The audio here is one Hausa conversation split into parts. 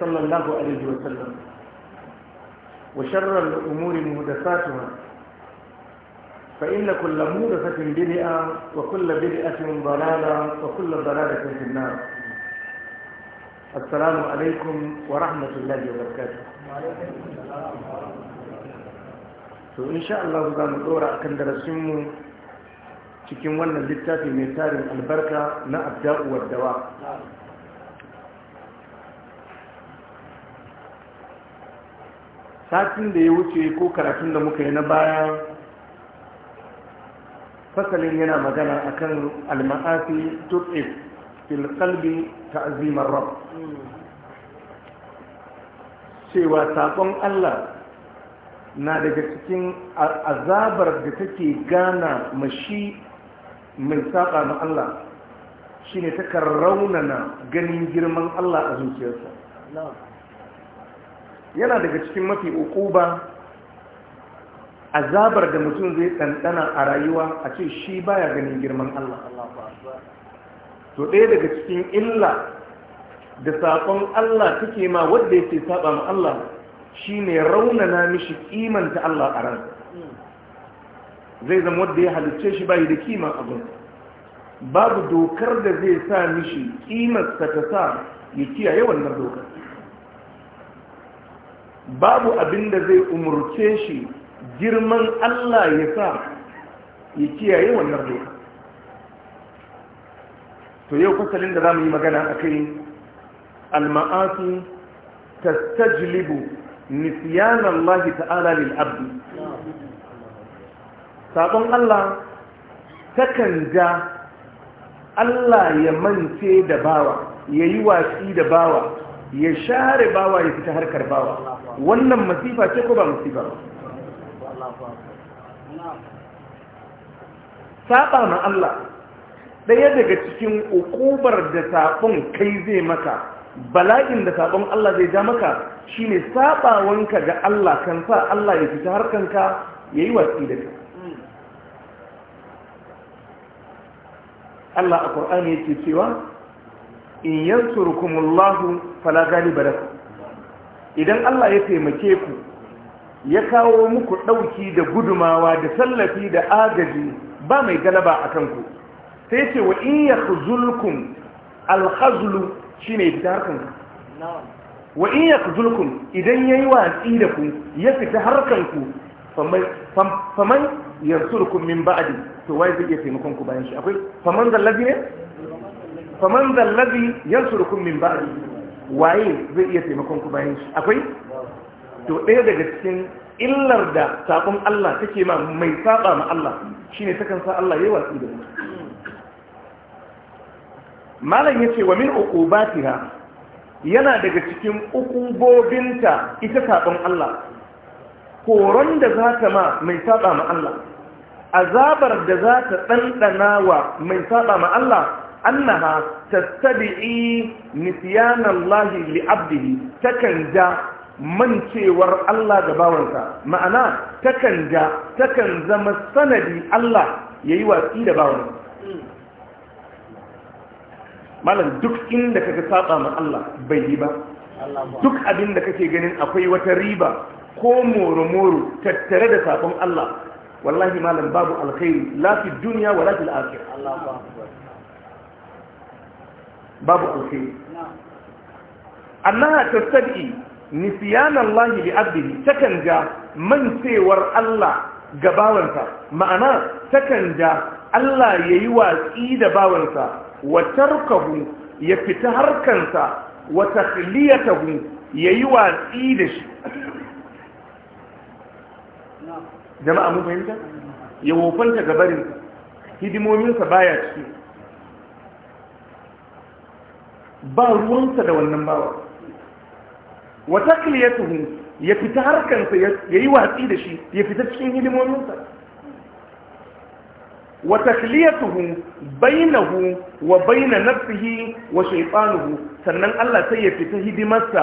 صلى الله عليه وسلم وشر الأمور مهدفاتها فإن كل مهدفة بدئة وكل بدئة ضلالة وكل ضلالة في النار السلام عليكم ورحمة الله وبركاته فإن شاء الله za mu dora akan darasinmu cikin wannan littafi mai tarin albarka na satin da ya wuce ko karatun da muka yi na baya fasalin yana magana akan alma'afi tur'if fil ta azimar rab cewa sakon Allah na daga cikin azabar da take gana mashi mai saba na Allah shine ta raunana ganin girman Allah a zuciyarsa yana daga cikin mafi ukuba azabar da mutum zai ɗanɗana a rayuwa a ce shi baya ganin girman Allah to ɗaya daga cikin illa da saƙon Allah take ma wadda yake saba ma Allah shine raunana mishi kimanta Allah a ran zai zama wadda ya halicce shi bayi da kima abin babu dokar da zai sa mishi kimarsa ta sa ya kiyaye wannan dokar babu abin da zai umurce shi girman Allah ya sa ya kiyaye wannan doka to yau fasalin da za mu yi magana a kai alma'asu ta tajlibu nisiyan Lahi ta'ala lilabdi abdi sabon Allah takan ja Allah ya mance da bawa ya yi watsi da bawa ya share bawa ya fita harkar bawa wannan masifa ce ko ba masifa ba saba na Allah ɗaya daga cikin ukubar da saɓon kai zai maka bala'in da saɓon Allah zai ja maka shine saɓawanka ga Allah kan sa Allah ya fita harkanka ya yi watsi da ka Allah a ƙwar'ani yake cewa in yansurukumullahu fala galiba lakum idan Allah ya taimake ku ya kawo muku ɗauki da gudumawa da tallafi da agaji ba mai galaba a kanku sai ce wa in ya zulkun alhazulu shi ne fita harkanku wa in ya zulkun idan ya yi watsi da ku ya fita harkanku faman yansurkun min ba'adi to wai zai iya taimakonku bayan shi akwai faman zallabi ne faman zallabi yansurkun min ba'adi waye zai iya taimakon ku bayan shi akwai to ɗaya daga cikin illar da sabon Allah take ma mai saba ma Allah shine takan sa Allah yayi watsi da mutum malam yace wa min uqubatiha yana daga cikin ukubobinta ita sabon Allah koron da za ma mai saba ma Allah azabar da za ta wa mai saba ma Allah annaha tattabi'i nisyan Allah li 'abdihi takan ja mancewar Allah ga bawansa ma'ana takan ja takan zama sanadi Allah yayi watsi da bawansa malam duk inda kaga saba ma Allah bai yi ba duk abinda kake ganin akwai wata riba ko moro-moro tattare da sabon Allah wallahi malam babu alkhairi la duniya wa la fil babu alkhairi annaha tastabi nisyan Allah li abdihi takan ja mansewar Allah ga bawansa ma'ana takan ja Allah ya yi watsi da bawansa wa tarkahu ya fita harkansa wata wa ya yi watsi da shi jama'a mun fahimta ya wofanta gabarinsa hidimominsa baya ciki ba ruwansa da wannan bawa wata kiliyatuhu ya fita harkansa ya yi watsi da shi ya fita cikin hidimominsa wata kiliyatuhu bainahu wa baina nafsihi wa shaifanuhu sannan Allah sai ya fita hidimarsa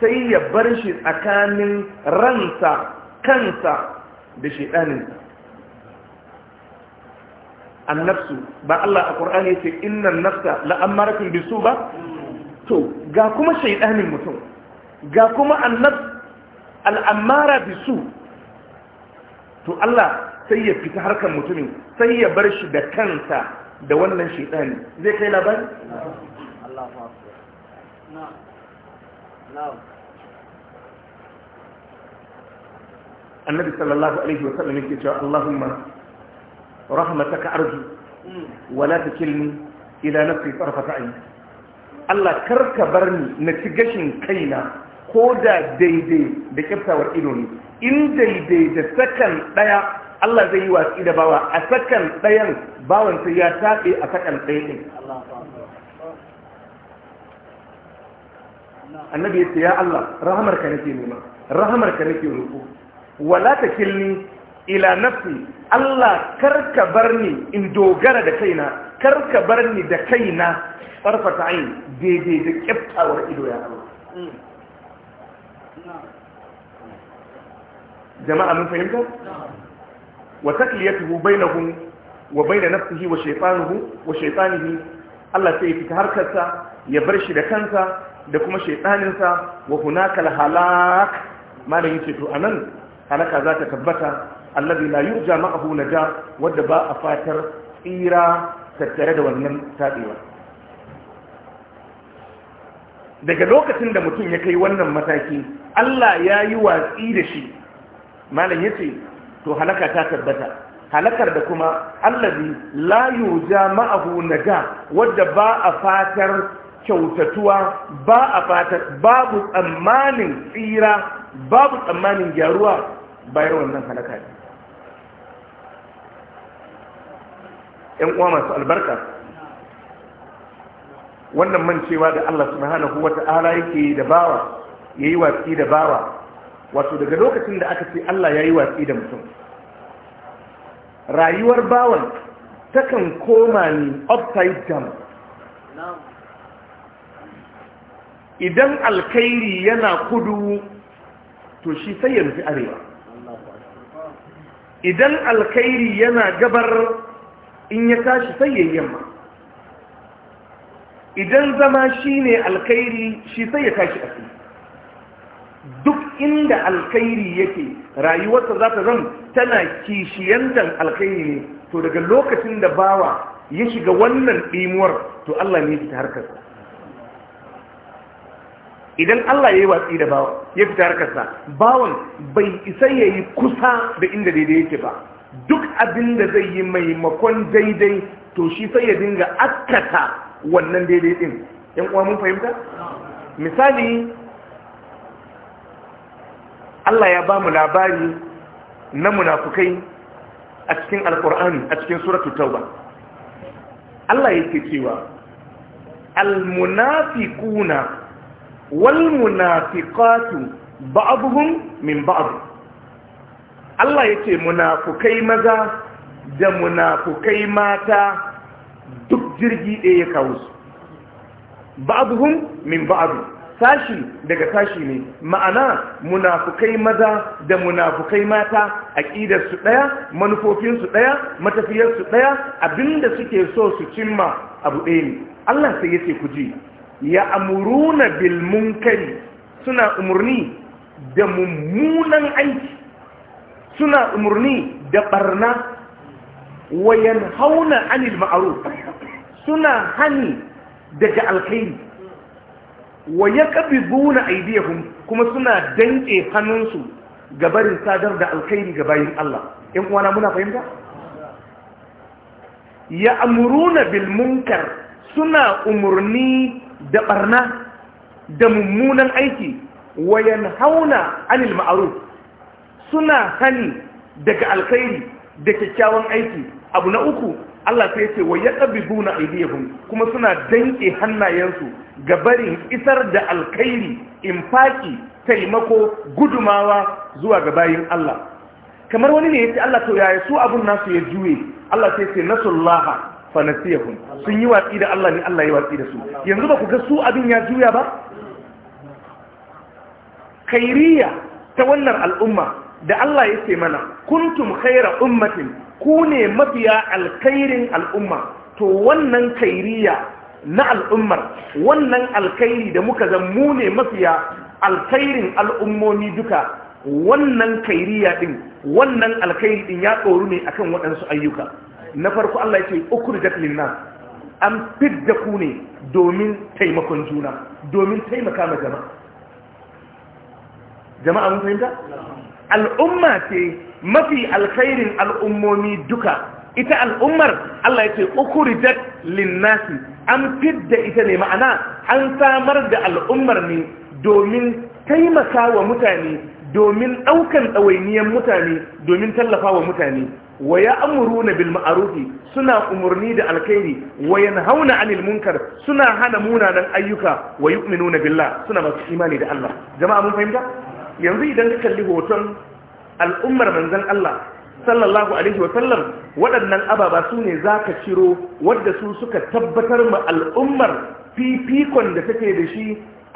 sai ya bar shi tsakanin ransa kansa da shaidaninsa annafsu ba Allah a ƙur'ani ce innan nafsa la'ammaratun bisu ba to ga kuma shaidanin mutum ga kuma annab al'ammara bisu to Allah sai ya fita harkar mutumin sai ya bar shi da kansa da wannan shaidani zai kai labari? annabi sallallahu alaihi wasallam yake cewa Allahumma rahmataka arju hmm. wala takilni ila nafsi tarfata aini Allah karka bar ni na ci gashin kaina ko da daidai da kyaftawar ido ne in daidai da sakan ɗaya Allah zai yi watsi da bawa a sakan ɗayan bawan sai ya taɓe a sakan Allah Allah annabi ya ce ya Allah rahamarka nake nema rahamarka nake roƙo wala takilni ila nafsi Allah karka bar ni in dogara da kaina karka bar ni da kaina farfata ayin daidai da kyaftawar ido ya Allah jama'a mun fahimta wa takliyatuhu bainahum wa bain nafsihi wa shaytanuhu wa shaytanihi Allah sai ya fita harkarsa ya bar shi da kansa da kuma shaytaninsa wa hunakal halak malamin ce to anan halaka za ta tabbata alladhi la yurja ma'ahu naja wadda ba a fatar tsira tattare da wannan tsadewa. daga lokacin da mutum ya kai wannan mataki Allah ya yi watsi da shi malam yace to halaka ta tabbata halakar da kuma alladhi la yurja ma'ahu naja wadda ba a fatar kyautatuwa ba a fatar babu tsammanin tsira babu tsammanin gyaruwa bayan wannan halaka ne ‘yan uwa masu albarka wannan mancewa da Allah subhanahu wa ta'ala yake da bawa ya yi watsi da bawa wato daga lokacin da aka ce Allah ya yi watsi da mutum rayuwar bawan takan koma ne upside down idan alkairi yana kudu to shi sai ya arewa idan alkairi yana gabar in ya tashi sai ya yamma idan zama shi ne alkhairi shi sai ya tashi asiri duk inda alkhairi yake rayuwarsa za ta zan tana kishiyantar alkhairi ne to daga lokacin da bawa ya shiga wannan ɗimuwar to Allah ne fita harkarsa idan Allah ya yi watsi da bawa ya fita harkarsa bawan bai isa ya yi kusa da inda daidai yake ba duk abin da zai yi maimakon daidai to shi sai ya dinga akata wannan daidai din yan uwa mun fahimta misali Allah ya ba mu labari na munafukai a cikin alkur'ani a cikin suratu tauba Allah yake cewa almunafiquna walmunafiqatu ba'dhum min ba'd Allah ya ce munafukai maza da munafukai mata duk jirgi ɗaya ya kawo su hun min ba'adu sashi daga sashi ne ma'ana munafukai maza da munafukai mata aƙidarsu ɗaya manufofinsu ɗaya matafiyarsu ɗaya abinda suke so su cimma abu ɗaya ne Allah sai ya ce ku ji ya amuruna bilmunkari suna umarni da mummunan aiki suna umarni da barna wayan hauna anil ma'aruf suna hani daga alkhairi wa yaqbiduna aydiyahum kuma suna danke hannunsu ga barin sadar da alkhairi ga bayin Allah in uwana muna fahimta bil munkar suna umarni da barna da mummunan aiki wayan hauna anil ma'aruf suna hani daga alkhairi da kyakkyawan aiki abu na uku Allah sai ce wa yaqbiduna aydiyahum kuma suna danke hannayensu ga barin isar da alkhairi infaki taimako gudumawa zuwa ga bayin Allah kamar wani ne yace Allah to yaya su abun nasu ya juye Allah sai ce nasullaha fa nasiyahum sun yi watsi da Allah ne Allah ya watsi da su yanzu ba ku ga su abin ya juya ba Kairiya ta wannan al'umma da Allah ya ce mana kuntum khaira ummatin ku ne mafiya alkhairin al'umma to wannan kairiya na al'ummar wannan alkhairi da muka zan mu ne mafiya alkhairin al'ummomi duka wannan kairiya din wannan alkhairi din ya tsoro ne akan waɗansu ayyuka na farko Allah ya ce ukhrijat linnas an fidda ku ne domin taimakon juna domin taimaka ma jama'a jama'a mun fahimta al'umma ce mafi alkhairin al'ummomi duka ita al'ummar Allah yake ukuridat linnasi an fidda ita ne ma'ana an samar da al'ummar ne domin taimaka wa mutane domin ɗaukan ɗawainiyar mutane domin tallafa wa mutane wa ya amuru na bilma'arufi suna umarni da alkhairi wayan hauna anil munkar suna hana munanan ayyuka wa yu'minu na billah suna masu imani da Allah jama'a mun fahimta yanzu idan ka kalli hoton al'ummar manzan Allah sallallahu alaihi sallam waɗannan ababa su ne za ka ciro wadda su suka tabbatar ma al'ummar fifikon da take da shi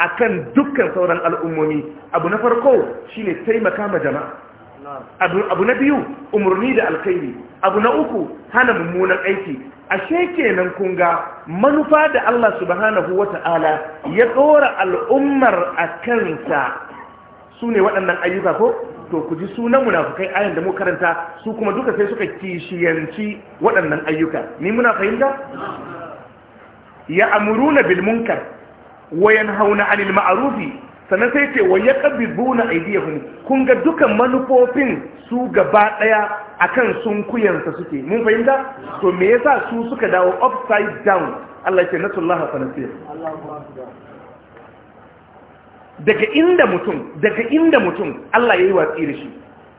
akan dukkan sauran al'ummomi abu na farko shine taimaka ma jama'a abu na biyu umarni da alkhairi abu na uku hana mummunan aiki ashe kenan kun ga manufa da Allah subhanahu wata'ala ya dora al'ummar a kansa su ne waɗannan ayyuka ko to ku ji sunan munafukai ayan da mu karanta su kuma duka sai suka kishiyanci waɗannan ayyuka ni muna fahimta ya amuruna bil munkar wa yanhauna anil ma'rufi sannan sai ce wa yaqbiduna aydiyahum kun ga dukan manufofin su gaba daya akan sun kuyansa suke mun fahimta to me yasa su suka dawo upside down Allah ya ce nasallaha fa nasir Allahu akbar daga inda mutum daga inda mutum Allah yayi watsi da shi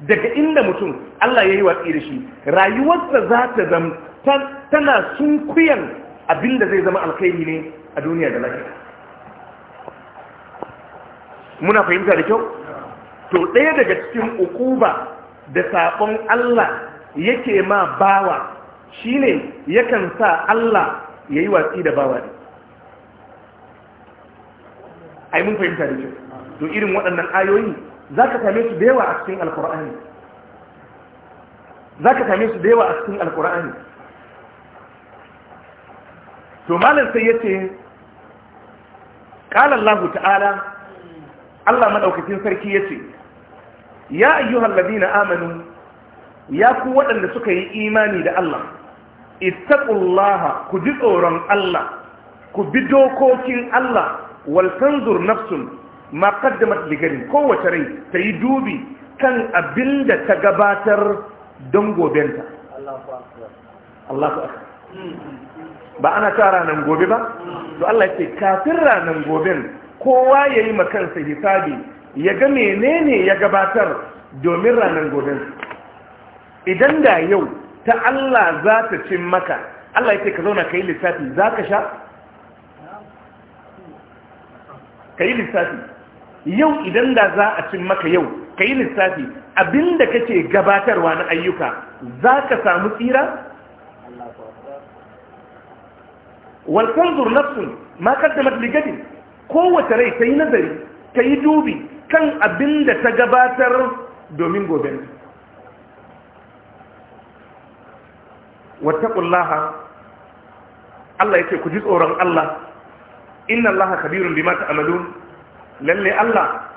daga inda mutum Allah yayi watsi da shi rayuwarsa za ta zama tana sunkuyan abinda zai zama alkhairi ne a duniya da lafiya muna fahimta da kyau to ɗaya daga cikin ukuba da sabon Allah yake ma bawa shine yakan sa Allah yayi watsi da bawa ne ai mun fahimta da kyau to irin waɗannan ayoyi za ka same su da yawa a cikin alkur'ani za same su da yawa a cikin to Malam sai ya ce ƙalar ta'ala allah maɗaukacin sarki ya ce ya ayyuhan ladina amanu ya ku waɗanda suka yi imani da allah ittaqullaha ku ji tsoron allah ku bi dokokin allah wal nafsun ma qaddamat ligarin kowace rai ta yi dubi kan abin ta gabatar don gobenta ba ana ta ranar gobe ba to Allah ce kafin ranar goben kowa ya yi makansa hisabi ya ga menene ya gabatar domin ranar goben idan da yau ta Allah za ta cin maka Allah ya ce ka zauna ka yi lissafi za ka sha ka yi lissafi yau idan da za a cin maka yau ka yi lissafi abinda kake gabatarwa na ayyuka za ka samu tsira walfanzur nafsun ma kaddamat ligadin kowace rai ta yi nazari ta yi dubi kan abinda ta gabatar domin gobe wataƙullaha Allah ya ce ku ji tsoron Allah inna allaha khabirun bima ta'malun lalle Allah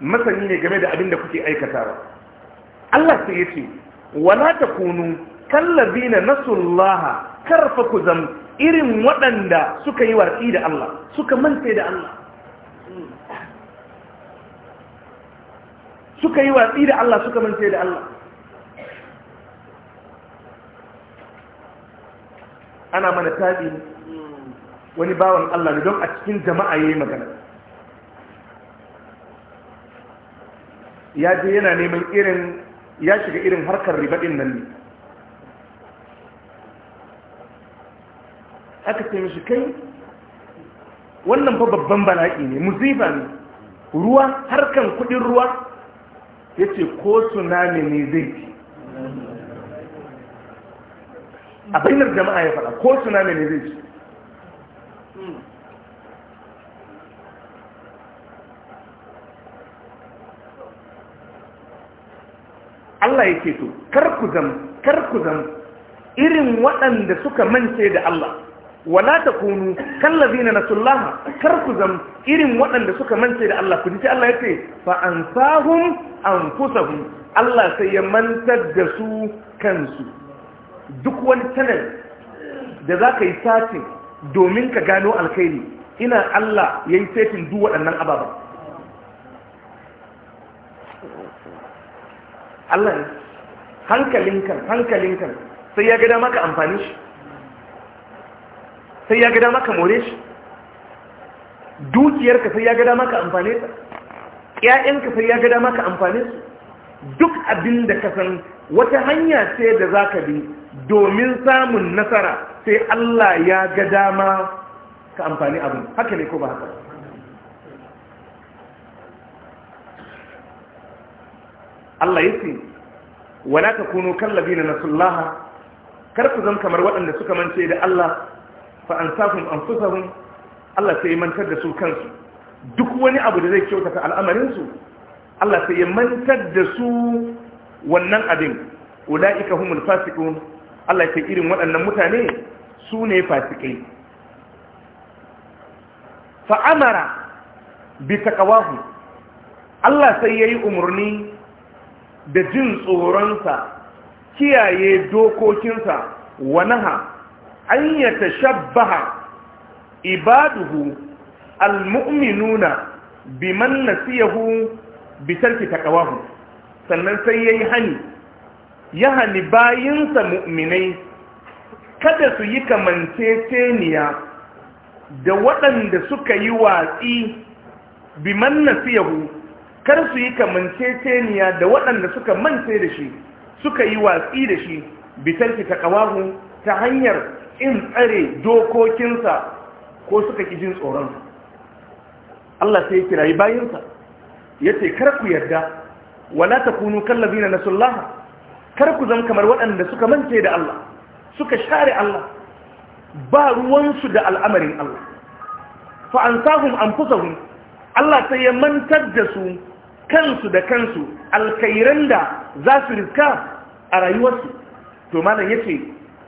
masani ne game da abin da kuke aikatawa Allah sai yace wala takunu kallazina nasullaha karfa ku zam irin waɗanda suka yi watsi da Allah suka manta da Allah suka yi watsi da Allah suka manta da Allah ana mana tabi wani bawan Allah ne don a cikin jama'a yayi magana ya je yana neman irin ya shiga irin harkar riba din nan ne aka ce mishi kai wannan fa babban bala'i ne musiba ne ruwa harkan kudin ruwa ya ce ko tsunami ne zai ci a bainar jama'a ya faɗa ko tsunami ne zai ci Allah yake to kar kar irin waɗanda suka mance da Allah wala takunu kallazina nasullaha kar zam irin waɗanda suka mance da Allah ku ji Allah ya ce fa ansahum anfusahum Allah sai ya mantar da su kansu duk wani channel da za ka yi satin domin ka gano alkhairi ina Allah yayi setin duk waɗannan ababa Allah ne hankalinkan hankalinkan sai ya gada maka amfani shi sai ya gada maka more shi dukiyarka sai ya gada maka amfani ta ƴaƴanka sai ya gada maka amfani su duk abin da ka san wata hanya ce da za ka bi domin samun nasara sai Allah ya gada ma ka amfani abin haka ne ko ba haka Allah ya ce wala takunu kallabina nasullaha kar ku zan kamar waɗanda suka mance da Allah fa ansahum anfusahum Allah sai ya mantar da su kansu duk wani abu da zai kyautata al'amarin su Allah sai ya mantar da su wannan abin ulaika humul fasiqun Allah ya irin waɗannan mutane su ne fasikai fa amara bi taqwahu Allah sai yayi umurni da jin tsoronsa kiyaye dokokinsa wa naha an ya tashabbaha ibaduhu almu'minuna biman nasiyahu bitarki takawahu sannan sai yayi hani ya hani bayinsa mu'minai kada su yi kamance teniya. da waɗanda suka yi watsi biman nasiyahu kar su yi kamanceceniya da waɗanda suka mance da shi suka yi watsi da shi bitar ki ta ƙawahu ta hanyar in tsare dokokinsa ko suka ƙi jin tsoronsa Allah sai ya kirayi bayansa ya ce kar ku yarda wala ta kunu kallabina na sullaha kar ku zama kamar waɗanda suka mance da Allah suka share Allah ba ruwansu da al'amarin Allah fa'ansahun an hun Allah sai ya mantar da su kansu da kansu alkairan da za su riska a rayuwarsu to malam yace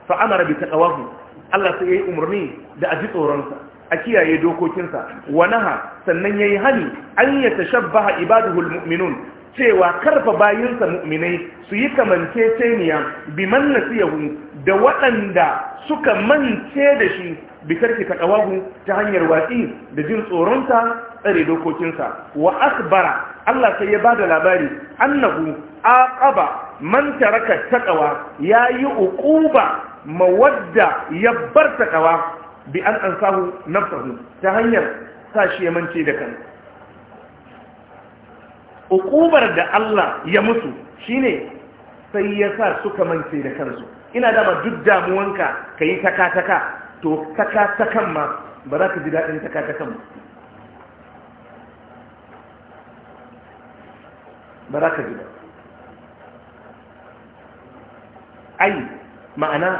fa amara bi taqawahu Allah sai yayi umarni da aji tsoronsa a kiyaye dokokinsa wa naha sannan yayi hali. an shabbaha ibaduhu almu'minun cewa karfa bayinsa mu'minai su yi kamance bi biman nasiyahu da waɗanda suka mance da shi bitarki ka ɗawahu ta hanyar watsi da jin tsoronta tsare dokokinsa wa akbara Allah sai ya bada labari annahu aqaba man taraka taqwa yayi uquba mawadda yabbar taqwa bi an ansahu nafsuhu ta hanyar shi ya mance da kan uqubar da Allah ya musu shine sai ya sa suka mance da kansu ina dama duk damuwanka kayi takataka to taka-takan ma ba za ka ji daɗin taka-takan ba za ka ji ba ai ma'ana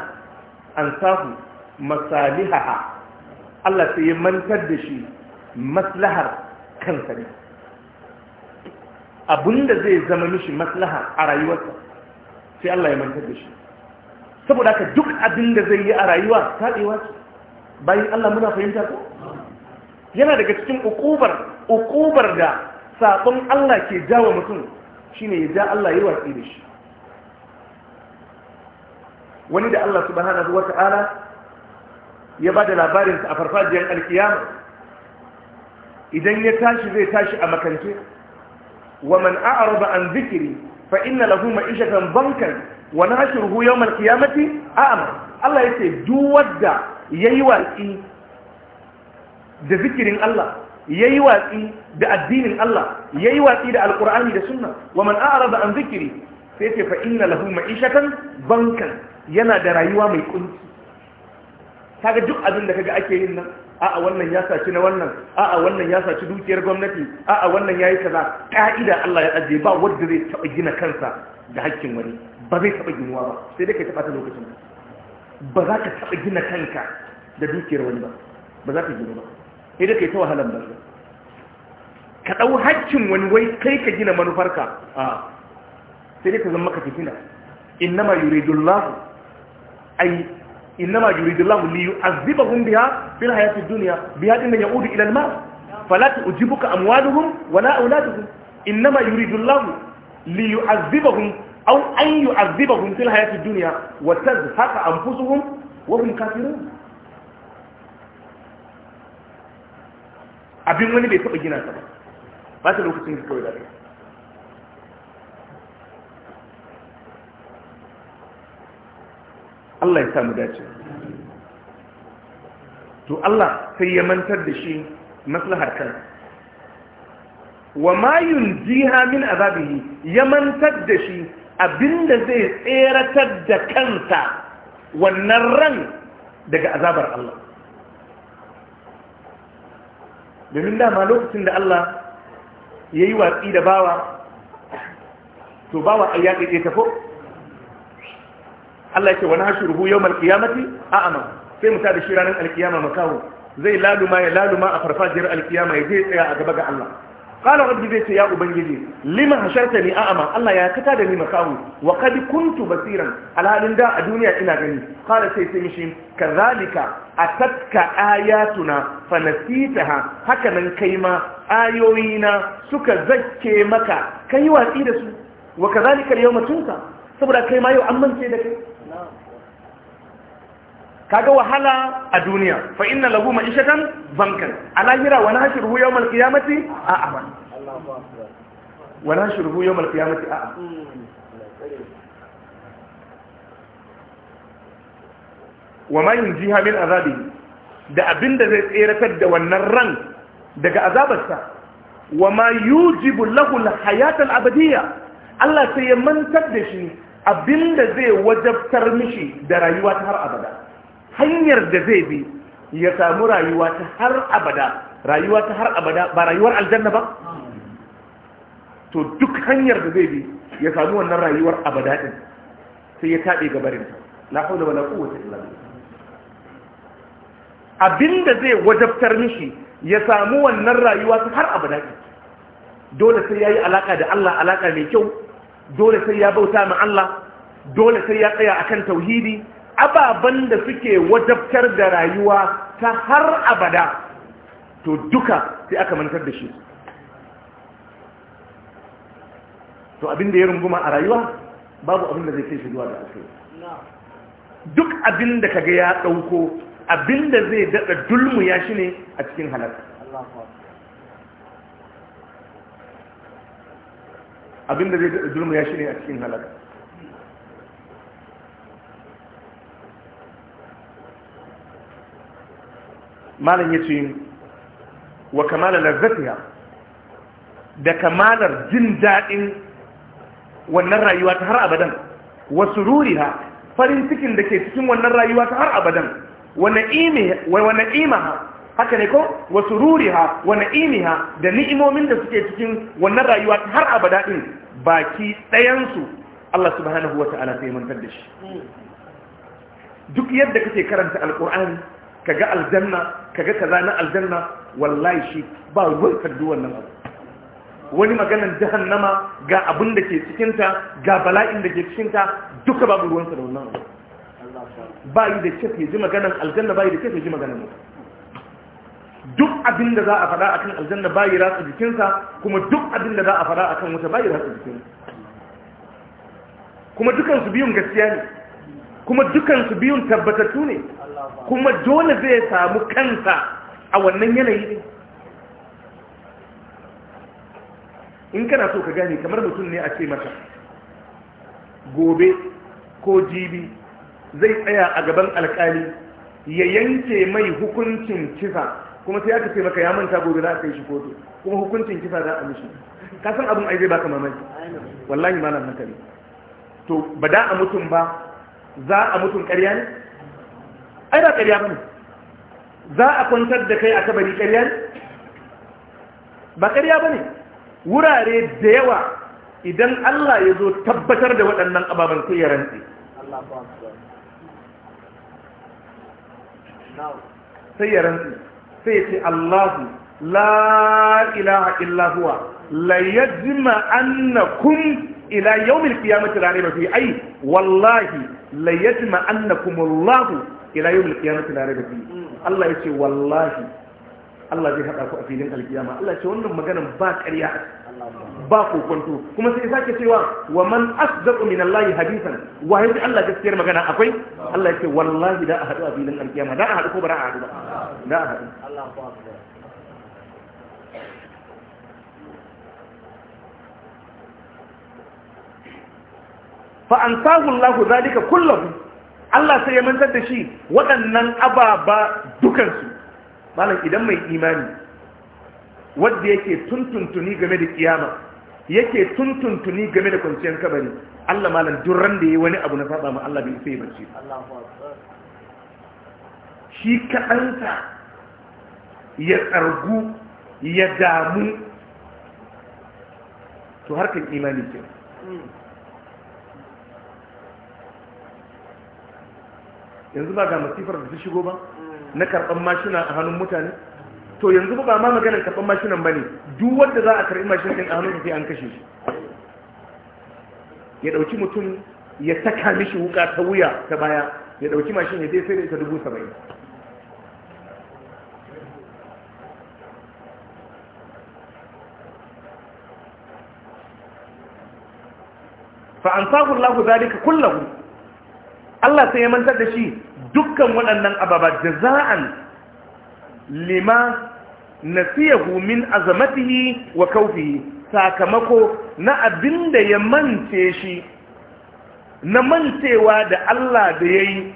an safu masalihaha Allah sai ya mantar da shi maslahar kansa ne abinda zai zama mishi maslaha a rayuwarsa sai Allah ya mantar da shi saboda haka duk abin da zai yi a rayuwa taɓewa ce bayan Allah muna fahimta ko yana daga cikin ukubar ukubar da saɓon Allah ke jawo mutum shine ya ja Allah yi watsi da shi wani da Allah subhanahu ta'ala ya ba da labarinsa a farfajiyar alkiyama idan ya tashi zai tashi a makance wa man a'arba an zikiri fa inna lahu ma'ishatan bankan wa nahshuruhu yawm al-qiyamati a'ma Allah ce duwadda ya yi watsi da zikirin Allah yi watsi da addinin Allah yayi watsi da alkur'ani da sunna wa man a'rada an zikiri sai ce fa inna lahu ma'ishatan bankan yana da rayuwa mai kunci kaga duk abin da kaga ake yin nan a'a wannan ya saci na wannan a'a wannan ya saci dukiyar gwamnati a'a wannan yi kaza ka'ida Allah ya ajiye ba wanda zai taɓa gina kansa da hakkin wani ba zai taɓa ginuwa ba sai dai ka taɓa ta lokacin ba za ka taɓa gina kanka da dukiyar wani ba ba za ka gina ba sai dai ka yi ta wahalan ba ka ɗau haƙƙin wani wai kai ka gina manufarka a sai dai ka zama ka fitina innama yuridullahu ay innama yuridullahu li yu'azzibahum biha fil hayati dunya biha din ya'udu ila al-mar fala tu'jibuka amwaluhum wala auladuhum innama yuridullahu li yu'azzibahum aw an yu'adhibahum fil hayatid dunya wa tazhaqa anfusuhum wa hum kafirun abin wani bai taba gina ka ba ba ta lokacin da kawai da Allah ya samu dace to Allah sai ya mantar da shi maslahar kansa wa ma yunjiha min azabihi ya mantar da shi abinda zai tseratar da kansa wannan ran daga azabar Allah domin dama lokacin da Allah ya yi watsi da bawa to bawa a yaƙi ɗaya tafo Allah ce wani hashi ruhu yau malkiyamati a aman sai mu da shi ranar alkiyama makawo zai laluma ya laluma a farfajiyar alkiyama ya zai tsaya a gaba ga Allah قال رب بيت يا أبنجي لما هشرتني أعمى الله يا كتاد لي مكاو وقد كنت بصيرا على هذا الداء الدنيا إلى غني قال سيدي مشين كذلك أتتك آياتنا فنسيتها هكذا كيما آيوينا سك زكي مكا كيوا إيدسو وكذلك اليوم تنسى سبرا كيما يؤمن سيدك kaga wahala a duniya fa inna lahu ma'ishatan bankan a lahira wa nahshuruhu yawmal qiyamati a'a ba wa nahshuruhu yawmal qiyamati a'a wa ma yunjiha min azabihi da abinda zai tseratar da wannan ran daga azabarsa wa ma yujibu lahu al-hayat Allah sai ya mantar da shi abinda zai wajabtar mishi da rayuwa ta har abada hanyar da zai bi ya samu rayuwa ta har abada rayuwa ta har abada ba rayuwar aljanna ba to duk hanyar da zai bi ya samu wannan rayuwar abada din sai ya taɓe gabarinta la haula wala quwwata illa billah abinda zai wajabtar mishi ya samu wannan rayuwa ta har abada din dole sai yayi alaka da Allah alaka mai kyau dole sai ya bauta ma Allah dole sai ya tsaya akan tauhidi ababen da suke wajabtar da rayuwa ta har abada to duka sai aka mantar da shi to abin da ya runguma a rayuwa babu abin da zai kai shi zuwa da ake duk abin da kaga ya ɗauko abin da zai daɗa dulmu ya shi ne a cikin halar abin da zai daɗa dulmu ya shi ne a cikin halar malam ya ce wa kamala lazzatiya da kamalar jin daɗin wannan rayuwa ta har abadan wasu ruriha farin cikin da ke cikin wannan rayuwa ta har abadan wane imaha haka ne ko wasu ruriha wane imiha da ni'imomin da suke cikin wannan rayuwa ta har abada baki ɗayansu Allah subhanahu wa ta'ala sai mantar da shi hmm. duk yadda kake karanta alƙur'ani kaga aljanna kaga kaza na aljanna wallahi shi ba ruwan kaddu wannan abu wani maganan jahannama ga abin da ke cikinta ga bala'in da ke cikinta duka babu ruwansa da wannan abu ba yi da kyau ji maganan aljanna ba yi da kyau ji maganan duk abin da za a faɗa akan aljanna ba yi ratsa jikinsa kuma duk abin da za a faɗa akan wuta ba yi ratsa jikinsa kuma su biyun gaskiya ne kuma su biyun tabbatattu ne kuma dole zai samu kansa a wannan yanayi ne in kana so ka gane kamar mutum ne a ce mata gobe ko jibi zai tsaya a gaban alkali ya yanke mai hukuncin kisa kuma sai aka ce maka ya manta gobe za a kai shi kotu kuma hukuncin kisa za a mishi ka san abin ai zai baka mamaki wallahi malam haka ne to ba da a mutum ba za a mutum ƙarya ne ai ba ƙarya ba ne za a kwantar da kai a kabari ƙarya ne ba ƙarya ba ne wurare da yawa idan Allah ya zo tabbatar da waɗannan ababen sai ya rantse sai ya rantse sai ya ce Allahu la ilaha illa huwa la yajma annakum ila yawmil qiyamati la rayba fi ay wallahi la yajma annakum ila yau alkiyama tana da fi Allah ya ce wallahi Allah zai haɗa ku a filin alkiyama Allah ya ce wannan maganan ba ƙarya ba kokonto kuma sai sake cewa wa man asdaqu min Allah hadisan wahai da Allah gaskiyar magana akwai Allah ya ce wallahi da a haɗu a filin alkiyama da a haɗu ko ba a haɗu ba da a hadu fa an ansahu Allah zalika kullahu Allah sai ya mantar da shi waɗannan ababa dukansu malam idan mai imani wadda yake tuntuntuni game da kiyama yake tuntuntuni game da kwanciyar kabari Allah malam duran da ya wani abu na saba ma Allah bai sai ya barci shi kaɗansa ya tsargu ya damu to harkar imani ke yanzu ba ga masifar da ta shigo ba na karɓar mashina a hannun mutane to yanzu ba ma maganar karɓar mashinan ba ne duk wanda za a karbi mashin ɗin a hannun sai an kashe shi ya ɗauki mutum ya saka mishi wuka ta wuya ta baya ya ɗauki mashin ya sai da ita dubu saba'in fa'an sahun lahu zalika kullahu Allah sai ya mantar da shi dukkan waɗannan ababa jaza'an lima nasiyahu min azamatihi wa kaufihi sakamako na abinda ya mance shi na mancewa da Allah da yayi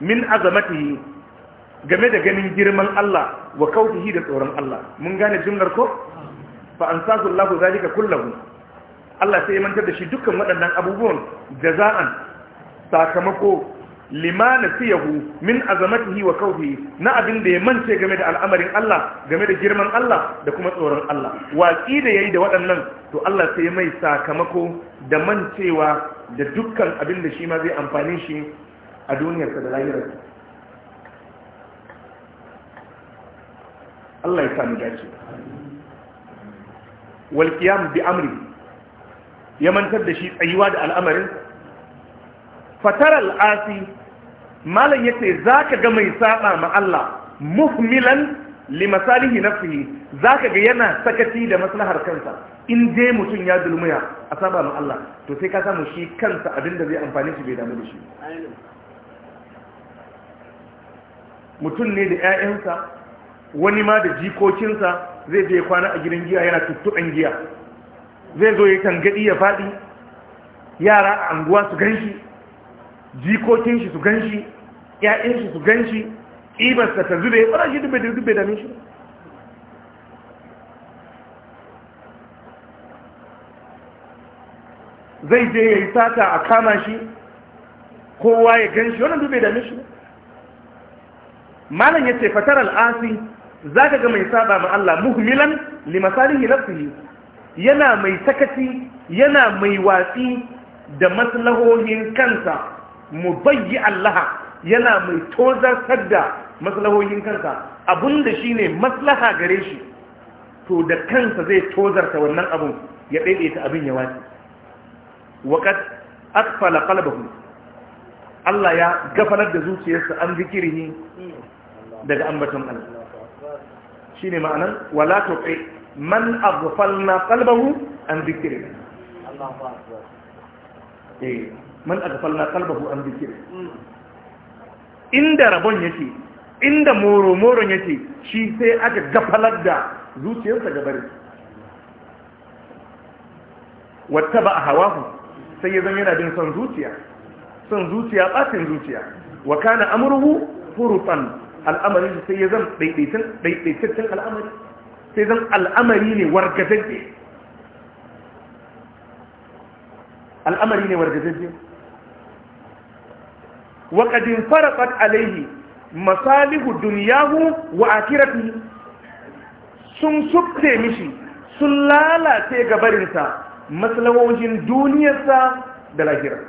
min azamatihi game da ganin girman Allah wa kaufihi da tsoron Allah mun gane jumlar ko fa ansasu Allah zalika kullahu Allah sai ya mantar da shi dukkan waɗannan abubuwan jaza'an sakamako lima nasiyahu min azamatihi wa kawfihi na abin da ya mance game da al'amarin Allah game da girman Allah da kuma tsoron Allah waƙi da yayi da waɗannan to Allah sai mai sakamako da mancewa da dukkan abin da shi ma zai amfani shi a duniyarsa da lahirarsa Allah ya sami dace wal qiyam bi amri ya mantar da shi tsayuwa da al'amarin. fataral asi malam ya yace zaka ga mai saɓa ma Allah muhmilan li masalihi nafsihi zaka ga yana sakati da maslahar kansa in dai mutum ya dulmuya a saba ma Allah to sai ka samu shi kansa abinda zai amfani shi bai damu da shi mutum ne da 'ya'yansa, wani ma da jikokinsa zai je kwana a gidan giya yana tuttuɓen giya zai zo ya tangadi ya faɗi yara a anguwa su ganshi jikokin shi su gan shi ya'in shi su gan shi ƙibarsa ta zube ɓarar shi dubbe dubbe da nishi zai je ya yi sata a kama shi kowa ya gan shi wannan dubbe da nishi malam ya ce fatar al'asi za ka ga mai saba ma Allah muhimmilan limasalihi nafsihi yana mai sakati, yana mai watsi da maslahohin kansa Mu bayyi allaha yana mai tozartar da maslahohin kansa abinda shine maslaha gare shi to da kansa zai tozarta wannan abun ya ta abin ya wani waqad asfala qalbuhu Allah ya gafalar da zuciyarsa an zikirhi daga ambaton Allah shine ma'anar wala tuqi man aghfalna qalbahu an zikirhi man aghfalna qalbahu an dhikr inda rabon yake inda moro moro yake shi sai aka gafalar da zuciyarsa bari. wattaba hawahu sai ya zama yana bin son zuciya son zuciya batin zuciya wa kana amruhu furutan al'amari sai ya zama daidaitin daidaitaccen al'amari sai zan al'amari ne wargazajje al'amari ne wargazajje wa qad farqat alayhi masalihu dunyahu wa sun subte mishi sun lalace gabarinsa maslahohin duniyarsa da lahirar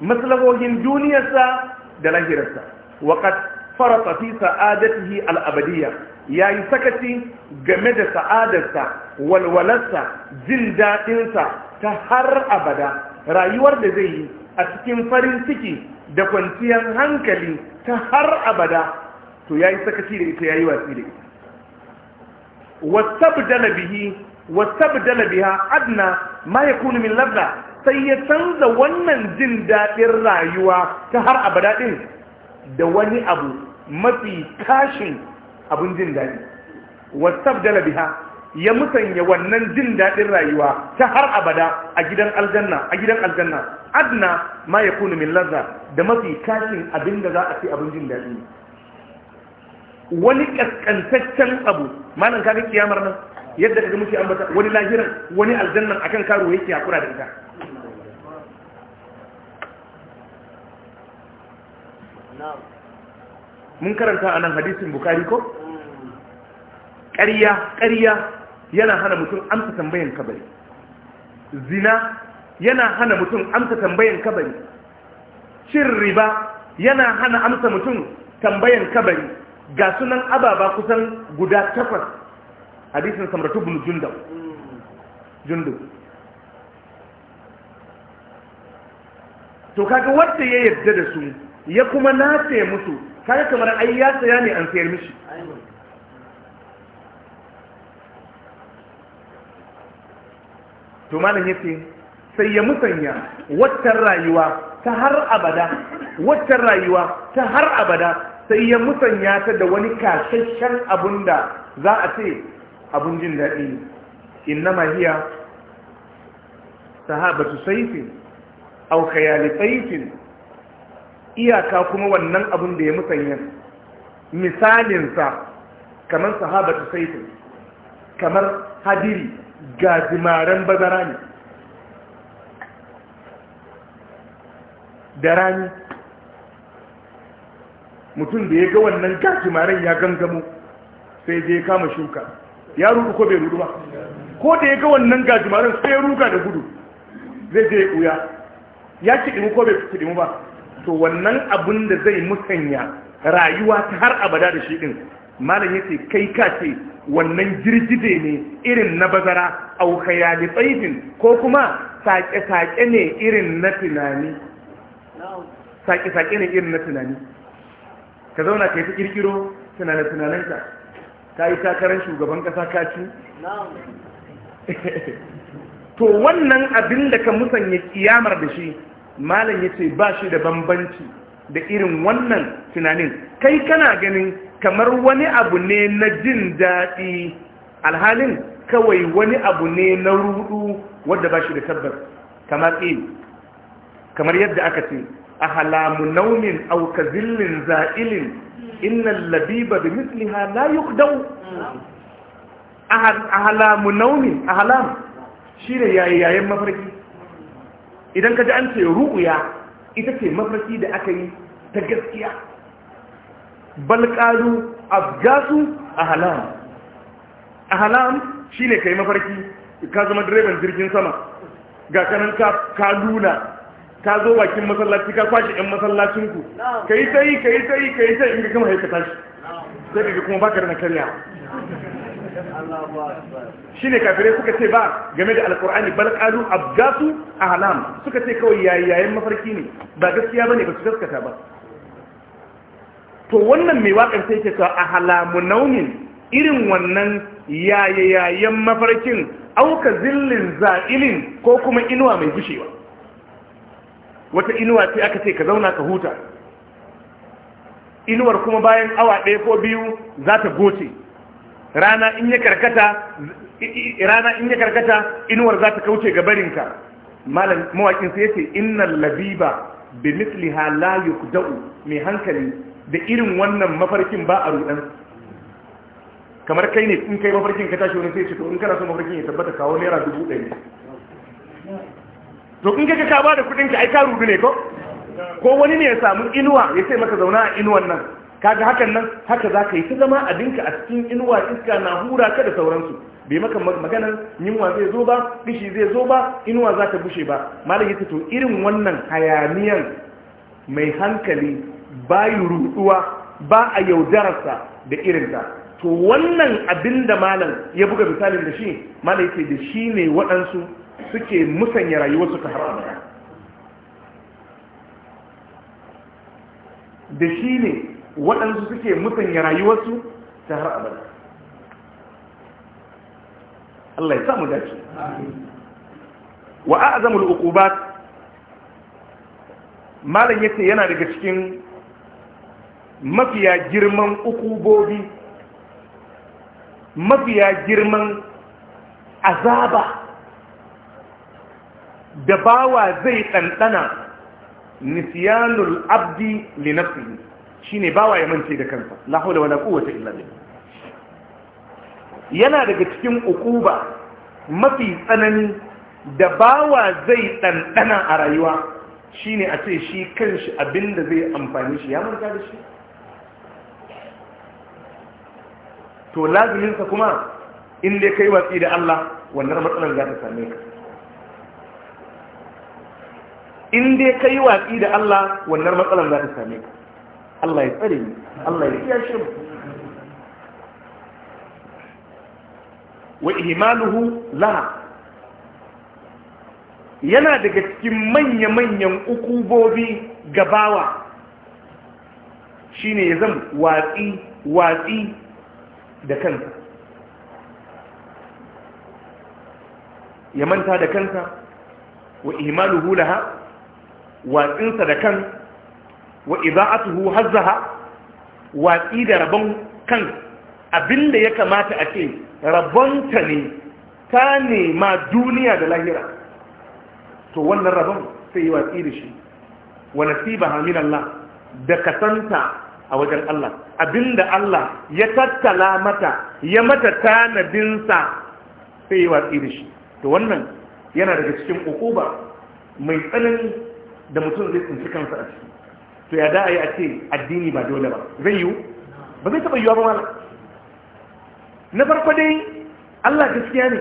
maslahohin duniyarsa da lahirarsa waqad farata fi sa'adatihi al-abadiyya yayi sakaci game da sa'adarsa walwalarsa jin sa ta har abada rayuwar da zai yi a cikin farin ciki da kwanciyar hankali ta har abada to ya yi sakaci da ita ya yi wasi da ita wasabdala biha adna ma ya kuni min labda sai ya canza wannan jin daɗin rayuwa ta har abada ɗin da wani abu mafi kashin abin jin daɗi wasabdala biha ya musanya wannan jin daɗin rayuwa ta har abada a gidan aljanna a gidan aljanna adna ma ya kunu min lazza da mafi kashin abin da za a ci abin jin daɗi wani kaskantaccen abu malam kaga kiyamar nan yadda kaga muke ambata wani lahiran wani aljannan akan karo yake hakura da ita mun karanta anan hadisin bukari ko ƙarya ƙarya yana hana mutum amsa tambayan kabari zina yana hana mutum amsa tambayan kabari cin riba yana hana amsa mutum tambayan kabari ga sunan ababa kusan guda takwas hadisin samratu bin jundu jundu to kaga wanda ya yarda da su ya kuma nace musu kaga kamar ai ya saya ne an sayar mishi to malam yace sai ya musanya waccan rayuwa ta har abada waccan rayuwa ta har abada sai ya musanya ta da wani kashashen abunda da za a ce abun jin daɗi ne innama hiya sahabatu saifin au khayali saifin iyaka kuma wannan abun da ya musanya misalinsa kamar sahabatu saifin kamar hadiri Gazimaren bazara ne da rani mutum da ya ga wannan gajimaren ya gangamo sai zai kama shuka ya rudu ko bai rudu ba ko da ya ga wannan gajimaren sai ya ruga da gudu zai je uya ya kiɗimu ko bai kiɗimu ba to wannan abin da zai musanya rayuwa ta har abada da shi ɗin malam yace kai ka ce wannan girgide ne irin na bazara au khayali tsaifin ko kuma sake-sake ne irin na tunani sake-sake ne irin na tunani ka zauna ka yi ta kirkiro tunanen-tunanenka ka yi takarar shugaban kasa kaci to wannan abin da ka musanya kiyamar da shi malam ya ce ba shi da bambanci da irin wannan tunanin kai kana ganin kamar wani abu ne na jin daɗi alhalin kawai wani abu ne na rudu wadda ba shi da tabbas kamar tsini kamar yadda aka ce a halamu naunin auka zillin za'ilin innan labiba da misliha yi yukdau a halamu naunin a halamu shi ne yayayen mafarki idan ka ji an ce ru'uya ita ce mafarki da aka yi ta gaskiya balƙalu halam shi ne ka yi mafarki ka zama direban jirgin sama ga kanan ka kalula ka zo bakin masallaci ka kwashe ɗan masallacinku ka yi ta yi ka yi ta yi ka yi ta in ka kama haikata tashi, sai ka ga kuma bakar na karya shi ne kafirai suka ce ba game da alkur'ani balƙalu abgasu halam suka ce kawai yayin mafarki ne ba gaskiya ba ne ba su gaskata ba to wannan mai wakar sai ke a halamu naunin irin wannan yayayayen mafarkin auka zillin za'ilin ko kuma inuwa mai gushewa wata inuwa sai aka ce ka zauna ka huta inuwar kuma bayan awa ɗaya ko biyu za ta goce rana in ya karkata inuwar za ta kauce ga barinka mawakin sai ya ce inna labiba bi misliha la yukda'u mai hankali da irin wannan mafarkin ba a rudan kamar kai ne in kai mafarkin ka tashi wani sai ce to in kana son mafarkin ya tabbata kawo naira dubu ɗari to in kai ka ba da kuɗin ka ai ka rudu ne ko ko wani ne ya samu inuwa ya sai maka zauna a inuwan nan kaga hakan nan haka za ka yi ta zama abinka a cikin inuwa iska na hura ka da sauransu bai maka maganar yunwa zai zo ba dishi zai zo ba inuwa za ta bushe ba malam yace to irin wannan hayaniyan mai hankali ba yi rutsuwa ba a yaudararsa da irinta to wannan abin da malam ya buga misalin da shi malam yake da shi ne waɗansu suke musanya rayuwarsu ta har abada da shi ne waɗansu suke musanya rayuwarsu ta har abada Allah ya samu dace wa a'zamul uqubat malam ce yana daga cikin mafiya girman ukubobi mafiya girman azaba da bawa zai ɗanɗana nisiyanul abdi linafsihi shine bawa ya mance da kansa la hawla wala quwwata illa billah yana daga cikin ukuba mafi tsanani da bawa zai ɗanɗana a rayuwa shine a ce shi kanshi abinda zai amfani shi ya manta da shi to laziminsa kuma in dai kai watsi da Allah wannan matsalar za ta same ka in dai kai watsi da Allah wannan matsalar za ta same ka Allah ya tsare ni Allah ya iya shi wa ihmaluhu laha yana daga cikin manya-manyan ukubobi gabawa shine ya zama watsi watsi da ya manta da kansa wa ihmaluhu laha watsinsa da kan wa iza'atuhu hazzaha watsi da rabon kan abinda ya kamata a ce rabonta ne ta nema duniya da lahira to wannan rabon sai yi watsi da shi wa nasiba min Allah da kasanta a wajen Allah abinda Allah ya tattala mata ya mata tanadinsa sai ya watsi da shi to wannan yana daga cikin ukuba mai tsanani da mutum zai tsinci kansa a ciki to ya da a yi a ce addini ba dole ba zai yiwu ba zai taɓa yiwuwa ba mana na farko dai Allah gaskiya ne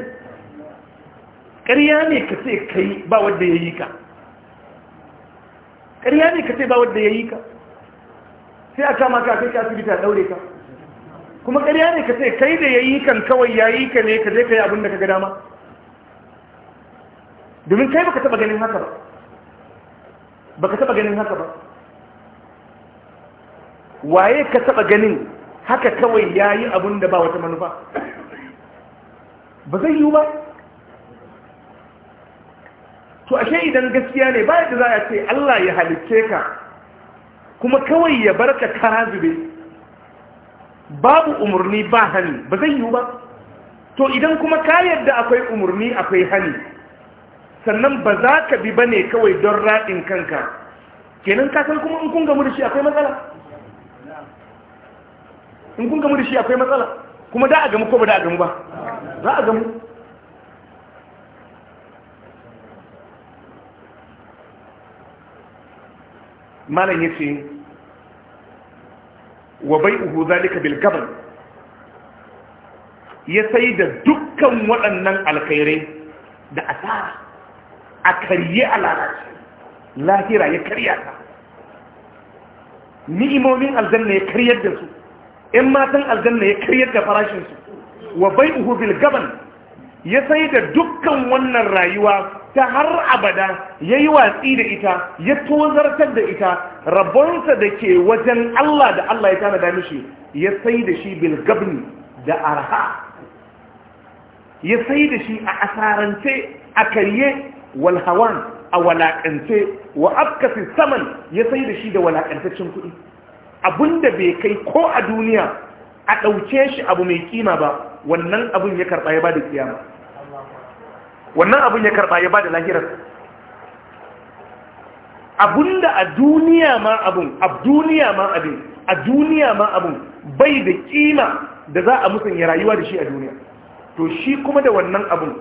ƙarya ne ka ce kai ba wanda ya yi ka ƙarya ne ka ce ba wanda ya yi ka sai a kama ka kai ka asibiti a daure ka kuma ƙarya ne ka ce kai da ya yi kan kawai ya yi ka ne ka je ka yi abin da ka ga dama domin kai baka taba ganin haka ba baka taba ganin haka ba waye ka taba ganin haka kawai yi abin da ba wata manufa ba zai yi ba to ashe idan gaskiya ne ba yadda za a ce Allah ya halicce ka kuma kawai ya barka kara zube babu umarni ba hani ba zai yiwu ba to idan kuma ka yadda akwai umarni akwai hani sannan ba za ka bi ba ne kawai don raɗin kanka kenan ka san kuma in kun gamu da shi akwai matsala in kun gamu da shi akwai matsala kuma da a gamu ko ba da a gamu ba za a gamu malam ya ce wa bai uhu zalika bil gabal ya sai da dukkan waɗannan alkhairai da asara a karye a lalace lahira ya karya ta ni'imomin aljanna ya karyar da su in matan aljanna ya karyar da farashinsu wa bai uhu gaban ya sai da dukkan wannan rayuwa ta har abada ya yi watsi da ita ya tozartar da ita rabonsa da ke wajen Allah da Allah ya tanada mishi ya sai da shi bilgabni da arha ya sai da shi a asarance a karye walhawan a walakance wa afkasi saman ya sai da shi da walakantaccen kuɗi abinda bai kai ko a duniya a ɗauke shi abu mai kima ba wannan abin ya karɓa ya ba da kiyama wannan abin ya karba ya ba da lahirar da a duniya ma abun a duniya ma abin a duniya ma abun bai da kima da za a musanya rayuwa da shi a duniya to shi kuma da wannan abun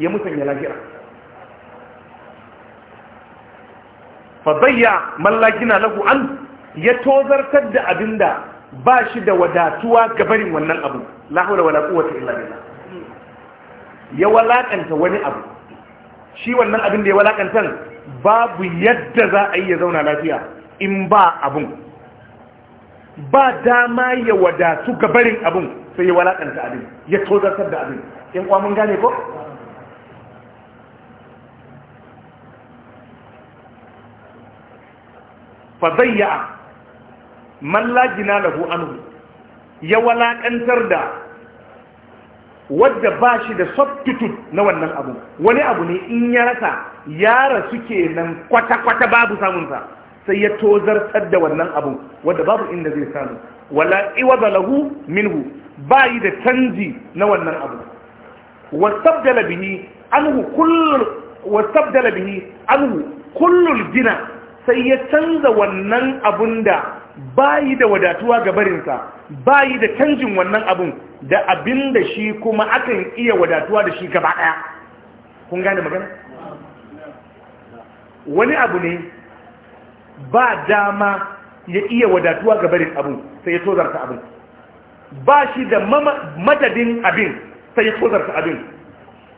ya musanya lahira fa mallaki mallakina lagu an ya tozartar da abin da ba shi da wadatuwa gabarin wannan abin lahura wadatuwa ta illa ya walakanta wani abu shi wannan abin da ya walakantar babu yadda za a yi ya zauna lafiya in ba abun ba dama ya wadatu gabarin abun sai ya walakanta abin ya tozartar da abin in kwamin gane ko? Fa zayya man lajina lahu anhu ya walakantar da wadda ba shi da substitute na wannan abu wani abu ne in ya rasa yara suke nan kwata-kwata babu samunsa sai ya tozar da wannan abu wadda babu inda zai samu wala iwaza lahu minhu bayi da canji na wannan abu wasabdala bihi anhu kullul wasabdala bihi sai ya canza wannan abun da bayi da wadatuwa ga barinsa bayi da canjin wannan abun da abin da shi kuma akan iya wadatuwa da shi gaba ɗaya kun gane magana wani abu ne ba dama ya iya wadatuwa ga barin abun sai ya tozarta abin? ba shi da madadin abin sai ya tozarta abin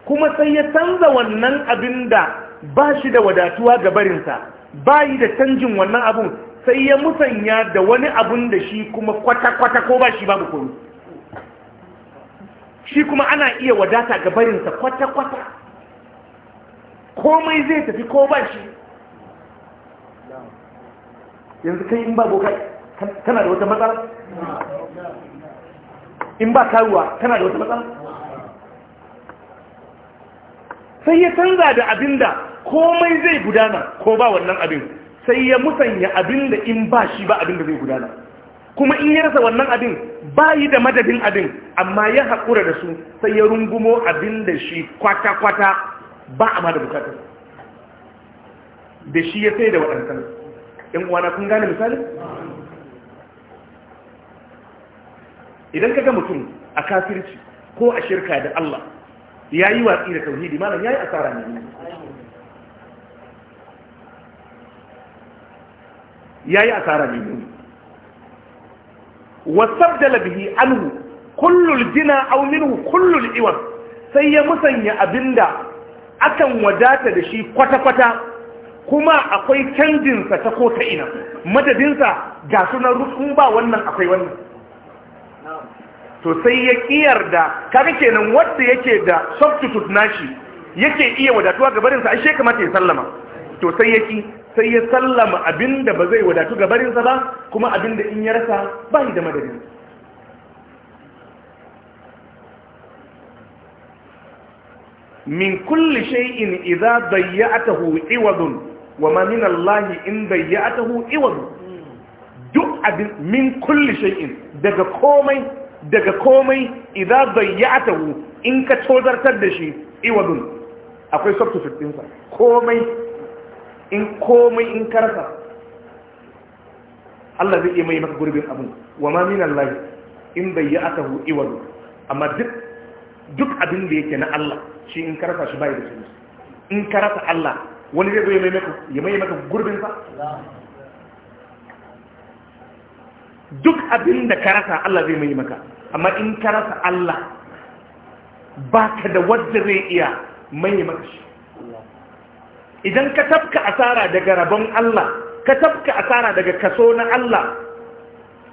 kuma sai ya canza wannan abin da ba shi da wadatuwa ga barinsa bayi da canjin wannan abun sai ya musanya da wani abun da shi kuma kwata-kwata ko ba shi babu komi shi kuma ana iya wadata ga barinsa kwata-kwata komai zai tafi ko ba shi yanzu kai in ba boka tana da wata matsala in ba karuwa tana da wata matsala sai ya canza da abinda komai zai gudana ko ba wannan abin sai ya musanya abin da in ba shi ba abin da zai gudana kuma in ya rasa wannan abin ba yi da madadin abin amma ya haƙura da su sai ya rungumo abin da shi kwata-kwata ba a ma da bukatar da shi ya sai da waɗansan Ƴan wana kun gane misali? idan ka ga mutum a kafirci ko a shirka da Allah ya yi watsi da tauhidi malam ya yi asara ne yayi asara ne Wasar da bihi anhu kullul jina aw minhu kullul sai ya musanya abinda akan wadata da shi kwata-kwata kuma akwai canjinsa ta kota ina madadinsa ga sunan rukun ba wannan akwai wannan to sai ya kiyar da kaga kenan wanda yake da substitute nashi yake iya wadatuwa gabarinsa ai shekamata kamata ya sallama to sai yake sai ya sallama abin da ba zai wadatu gabarinsa ba kuma abin da in ya rasa bai da madadin min kulli shay'in idza dayya'tahu iwadun wa ma min Allah in dayya'tahu iwadun duk abin min kulli shay'in daga komai daga komai idza dayya'tahu in ka tozartar da shi iwadun akwai substitute ɗinsa komai in komai in karka Allah zai iya mai maka gurbin abin wa ma min Allah in bai yi aka hu iwadu amma duk duk abin da yake na Allah shi in karasa shi bai da shi in karasa Allah wani zai zo ya mai maka ya mai maka gurbin sa duk abin da karasa Allah zai mai maka amma in karasa Allah ba ka da wadda zai iya mai maka shi idan ka tafka asara daga rabon Allah ka tafka asara daga kaso na Allah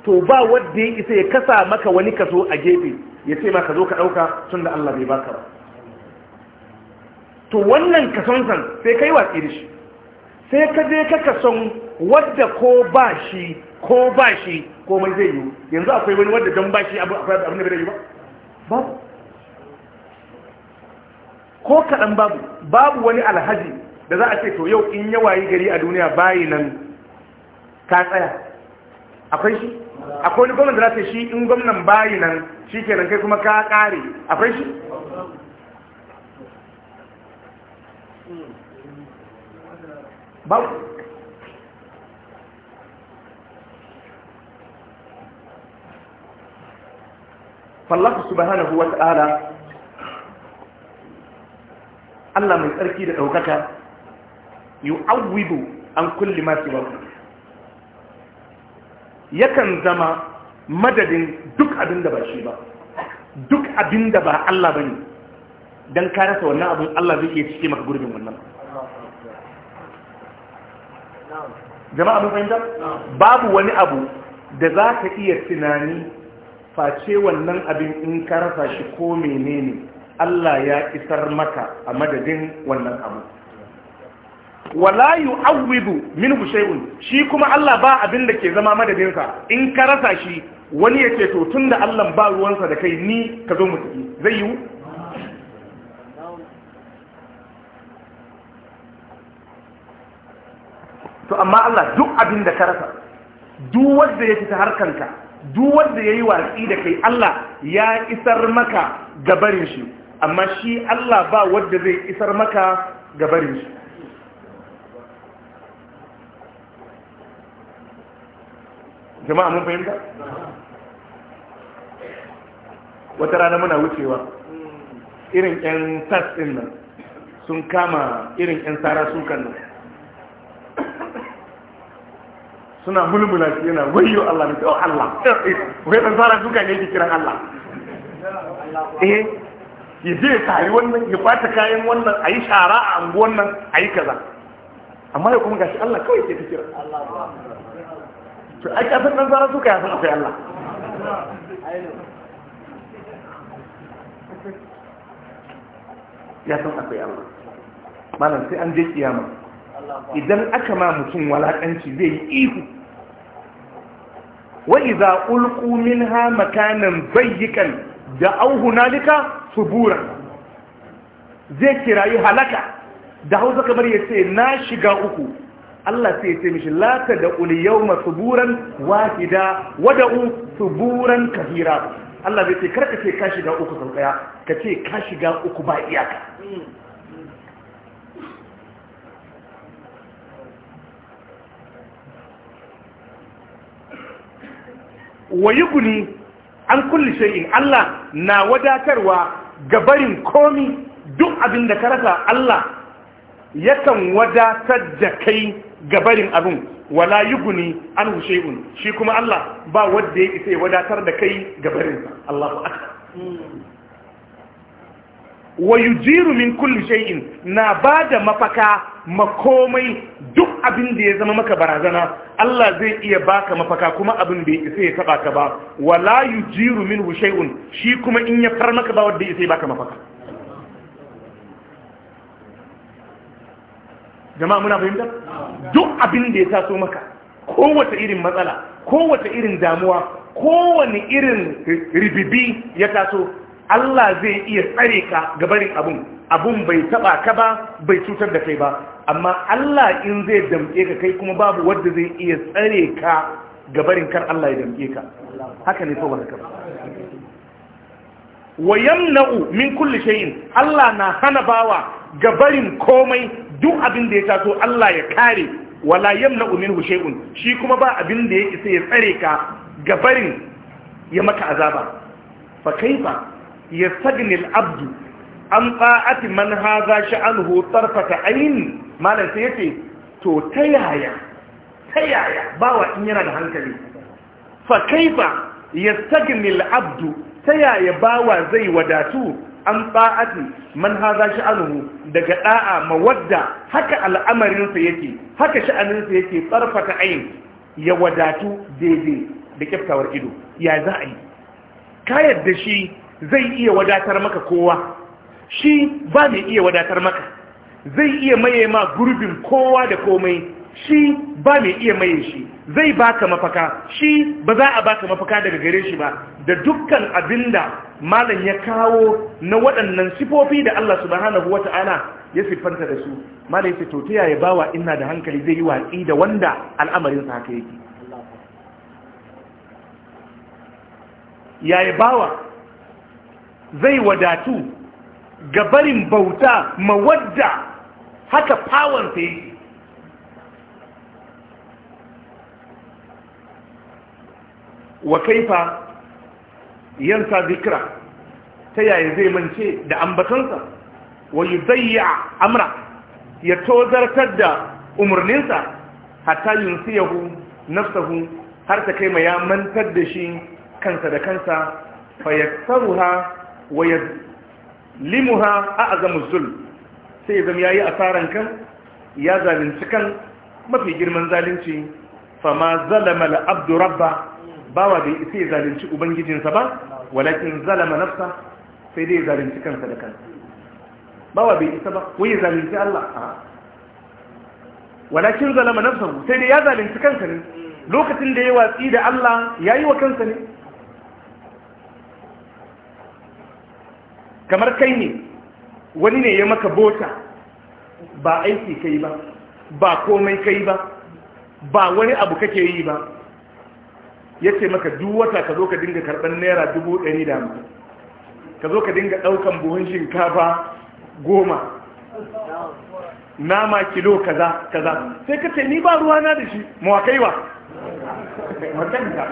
to ba wadda ya isa ya kasa maka wani kaso a gefe ya ce maka ka zo ka ɗauka tun da Allah bai baka ba to wannan kason san sai kai watsi da shi sai ka je ka kason wadda ko ba shi ko ba shi komai zai yi yanzu akwai wani wadda don ba shi abin da bai yi ba babu ko kaɗan babu babu wani alhaji da za a ce to yau in yawayi gari a duniya bayi nan ka tsaya akwai shi akwai wani gwamnati za ta shi in gwamnan bayi nan shi kenan kai kuma ka kare akwai shi babu fallahu subhanahu wa ta'ala Allah mai tsarki da ɗaukaka yu'awwidu an kulli ma siwahu yakan zama madadin duk abin da ba shi ba duk abin da ba Allah ba ne don ka rasa wannan abin Allah zai iya cike maka gurbin wannan jama'a mun fahimta babu wani abu da za ka iya tunani face wannan abin in ka rasa shi ko menene Allah ya isar maka a madadin wannan abu wala awwidu min shay'un shi kuma Allah ba abin da ke zama madadin in ka rasa shi wani ya ce totun da Allah ba ruwansa da kai ni ka zo mu zai yi to amma Allah duk abin da ka rasa duk wanda ya fita harkanka duk wanda yi watsi da kai Allah ya isar maka gabarin shi amma shi Allah ba wanda zai isar maka gabarin shi jama'a mun fahimta wata rana muna wucewa irin 'yan tas ɗin nan sun kama irin 'yan tsara sukan nan suna mulmula shi yana wayo Allah ne oh Allah wai ɗan tsara sukan ne ke kiran Allah eh ya je tari wannan ya fata kayan wannan a yi shara a anguwan nan a yi kaza amma ya kuma gashi Allah kawai ke ta kira a kafin nan zara suka yasan Allah ya san akwai Allah malam sai an je kiyama idan aka ma mutum walakanci zai yi ihu wa iza ulqu minha makanan bayyikan au hunalika suburan zai kirayi halaka da hausa kamar ya ce na shiga uku Allah sai ce mishi la ta da uliyau masuburan wahida wada'u suburan kahira Allah zai ce karka ce ka shiga uku sau tsaya ka ce ka shiga uku ba iyaka wayi guni an kulli shay'in Allah na wadatarwa ga barin komi duk abin da ka rasa Allah yakan wadatar da kai gabarin abin wala yuguni an hushe'un shi kuma Allah ba wadda ya isa ya wadatar da kai gabarin Allahu wa yujiru min kulli shay'in na bada mafaka makomai duk abin da ya zama maka barazana Allah zai iya baka mafaka kuma abin da isa ya taba ka ba wala yujiru minhu shay'un shi kuma in ya far maka ba wanda isa ya baka mafaka jama'a muna fahimta duk abin da ya taso maka kowace irin matsala kowace irin damuwa kowane irin ribibi ya taso Allah zai iya tsare ka gabarin abun abun bai taba ka ba bai cutar da kai ba amma Allah in zai damke ka kai kuma babu wanda zai iya tsare ka gabarin kar Allah ya damke ka haka ne saboda ka wa yamna'u min kulli shay'in Allah na hana bawa ga barin komai duk abin da ya taso Allah ya kare wala yamna umin shay'un shi kuma ba abin da ya isa ya tsare ka ga barin ya maka azaba fa kaifa yastagni al-abd an ta'ati man hadha sha'anhu tarfata ayn malan sai yace to ta yaya ta yaya in yana da hankali fa kaifa yastagni al-abd ta yaya bawa zai wadatu an ba'ati man haza sha'anuhu daga da'a wadda haka al'amarinsa yake haka sha'aninsa yake tsarfata ayin ya wadatu daidai da kyaftawar ido ya za a yi ka yadda shi zai iya wadatar maka kowa shi ba mai iya wadatar maka zai iya maye ma gurbin kowa da komai shi ba mai iya maye shi zai baka mafaka shi ba za a baka mafaka daga gare shi ba da dukkan abinda malam ya kawo na waɗannan sifofi da Allah subhanahu ta'ala ya siffanta da su malam ya to ta yaya bawa ina da hankali zai yi watsi da wanda al'amarin sa haka yake yaya bawa zai wadatu ga barin bauta mawadda haka pawansa yake wa kaifa yansa zikra ta yaya zai mance da ambatansa wa yudayya amra ya tozartar da umarninsa hatta siyahu nafsahu har ta kai ma ya mantar da shi kansa da kansa ha wa yadlimuha a'zamu zul sai zama yayi asaran kan ya zalunci kan mafi girman zalunci fama zalama al rabba bawa bai isa ya zalunci ubangijinsa ba walakin zalama nafsa sai dai ya zalunci kansa da kansa bawa bai isa ba wai ya zalunci Allah a walakin zalama nafsa sai dai ya zalunci kansa ne lokacin da ya watsi da Allah ya yi wa kansa ne kamar kai ne wani ne ya maka bota ba aiki kai ba ba komai kai ba ba wani abu kake yi ba ya ce maka duk wata ka zo ka dinga karɓar naira dubu ɗari da hamsin ka zo ka dinga ɗaukan buhun shinkafa goma nama kilo kaza kaza sai ka ce ni ba ruwa na da shi mawakai ba makanka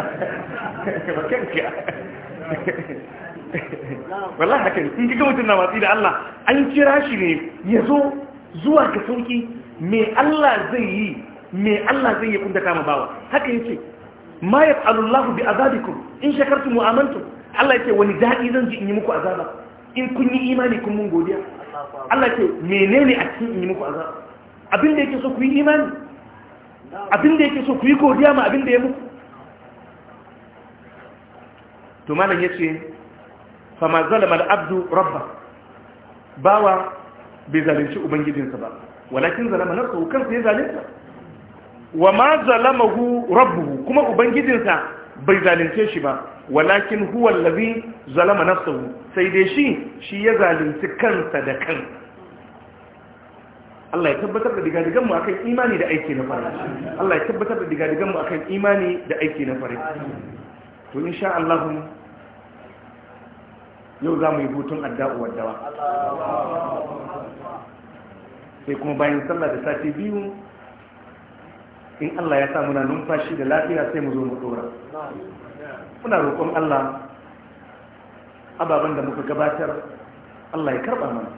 wala haka ne in kika mutum na watsi da Allah an kira shi ne ya zo zuwa ka sauki me Allah zai yi me Allah zai yi kundata ma bawa haka ce. ma lafi bi azabikum in shakartum wa Allah Allah ce wani daɗi zan ji in yi muku azaba in kun yi imani kun mun godiya Allah ya yake menene a cikin in yi muku azaba abin da yake so ku yi imani abin da yake so ku yi godiya ma abin da ya muku to malam ce fa ma zalama al-abdu rabba bawa bai zalunci ubangijinsa ba walakin zalama nafsuhu kansa ya zalunta wa ma zalamahu rabbuhu kuma ubangijinsa bai zalunce shi ba walakin huwa allazi zalama nafsuhu sai dai shi shi ya zalunci kansa da kan. Allah ya tabbatar da digadigan mu akan imani da aiki na fare Allah ya tabbatar da digadigan mu akan imani da aiki na fare to insha Allah yau za mu yi hutun adda'u waddawa sai kuma bayan sallah da sati biyu in Allah ya sa muna numfashi da lafiya sai mu zo mu dora muna roƙon Allah ababen da muka gabatar Allah ya karɓa mana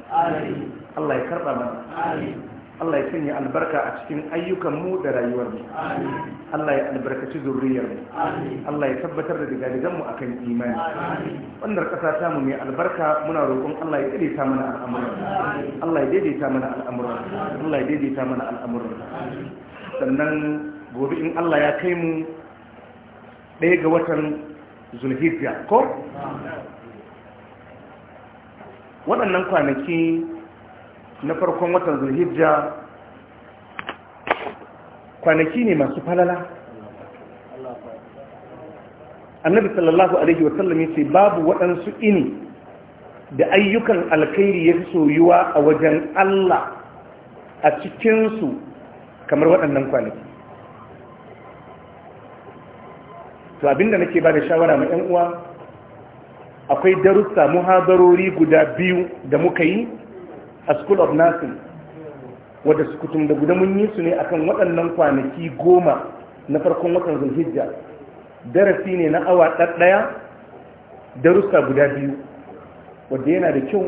Allah ya karɓa mana Allah ya sanya albarka a cikin ayyukan mu da rayuwar mu Allah ya albarkaci zurriyar mu Allah ya tabbatar da digadigan mu akan imani wannan ƙasa ta mu mai albarka muna roƙon Allah ya daidaita mana al'amuran Allah ya daidaita mana al'amuran Allah ya daidaita mana al'amuran sannan gobe in Allah ya kai mu ɗaya ga watan zulhijja ko? waɗannan kwanaki na farkon watan zulhijja kwanaki ne masu falala annabi sallallahu alaihi wasallam ya ce babu waɗansu ini da ayyukan alkhairi ya fi soyuwa a wajen Allah a cikinsu kamar waɗannan kwanaki to abinda nake ba da shawara ma 'yan uwa akwai darussa muhabarori guda biyu da muka yi a school of nursing wadda su kutum da guda mun yi su ne akan waɗannan kwanaki goma na farkon watan zulhijja darasi ne na awa ɗaɗɗaya darussa guda biyu wadda yana da kyau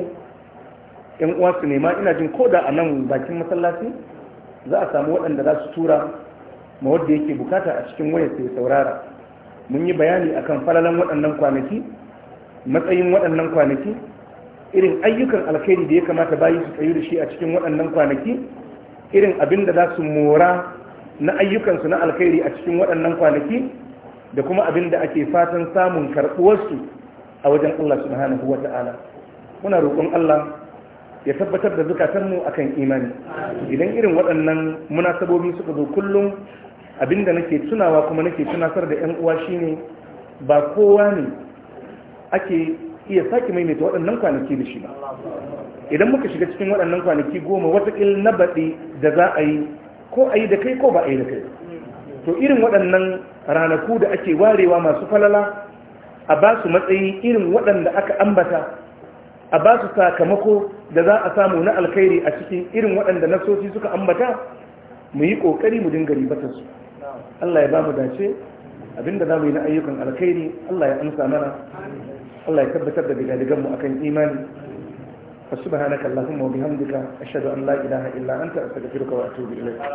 'yan uwa su nema ina jin koda a nan bakin masallaci za a samu waɗanda za su tura ma wadda yake bukata a cikin waya sai saurara mun yi bayani akan falalan waɗannan kwanaki matsayin waɗannan kwanaki irin ayyukan alkhairi da ya kamata bayi su tsayu da shi a cikin waɗannan kwanaki irin abin da za su mora na ayyukansu na alkhairi a cikin waɗannan kwanaki da kuma abin da ake fatan samun karɓuwarsu a wajen Allah subhanahu muna roƙon Allah ya tabbatar da zukatanmu akan imani idan irin waɗannan munasabobi suka zo kullum abinda nake tunawa kuma nake tunasar da 'yan uwa shine ba kowa ne ake iya sake maimaita waɗannan kwanaki da shi ba idan muka shiga cikin waɗannan kwanaki goma watakil na baɗi da za a yi ko a yi da kai ko ba a yi da kai to irin waɗannan ranaku da ake warewa masu falala a ba su matsayi irin waɗanda aka ambata a ba su sakamako da za a samu na alkhairi a cikin irin waɗanda nasoci suka ambata mu yi ƙoƙari mu dinga ribatar su Allah ya ba mu dace abinda za mu yi na ayyukan alkhairi Allah ya amsa mana Allah ya tabbatar da bidadigan mu akan imani fa subhanaka allahumma wa bihamdika ashhadu an la ilaha illa anta astaghfiruka wa atubu ilayk